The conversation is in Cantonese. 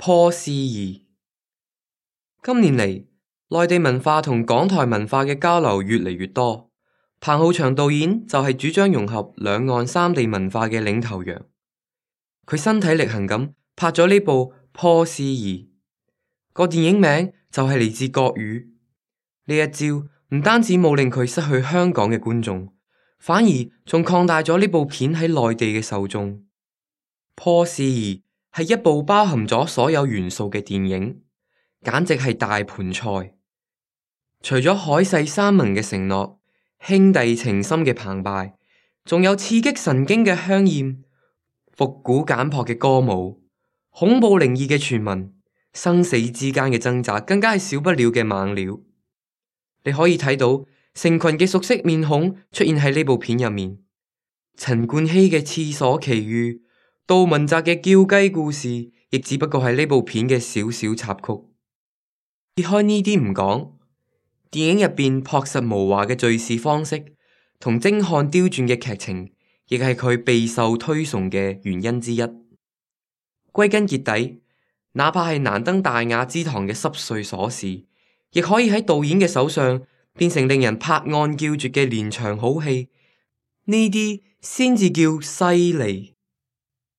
《破事兒》，今年嚟內地文化同港台文化嘅交流越嚟越多。彭浩翔導演就係主張融合兩岸三地文化嘅領頭羊，佢身體力行咁拍咗呢部《破事兒》，個電影名就係嚟自國語。呢一招唔單止冇令佢失去香港嘅觀眾，反而仲擴大咗呢部片喺內地嘅受眾。《破事兒》係一部包含咗所有元素嘅電影，簡直係大盆菜。除咗海誓山盟嘅承諾、兄弟情深嘅澎湃，仲有刺激神經嘅香艷、復古簡樸嘅歌舞、恐怖靈異嘅傳聞、生死之間嘅掙扎，更加係少不了嘅猛料。你可以睇到成群嘅熟悉面孔出現喺呢部片入面，陳冠希嘅廁所奇遇。杜汶澤嘅叫雞故事亦只不過係呢部片嘅小小插曲，撇開呢啲唔講，電影入邊樸實無華嘅敘事方式同精悍刁鑽嘅劇情，亦係佢備受推崇嘅原因之一。歸根結底，哪怕係難登大雅之堂嘅濕碎瑣事，亦可以喺導演嘅手上變成令人拍案叫絕嘅連場好戲。呢啲先至叫犀利。